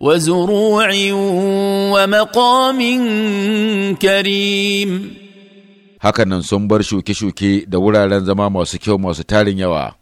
وزروع ومقام كريم hakanan sun bar shuke-shuke da wuraren zama masu kyau masu tarin yawa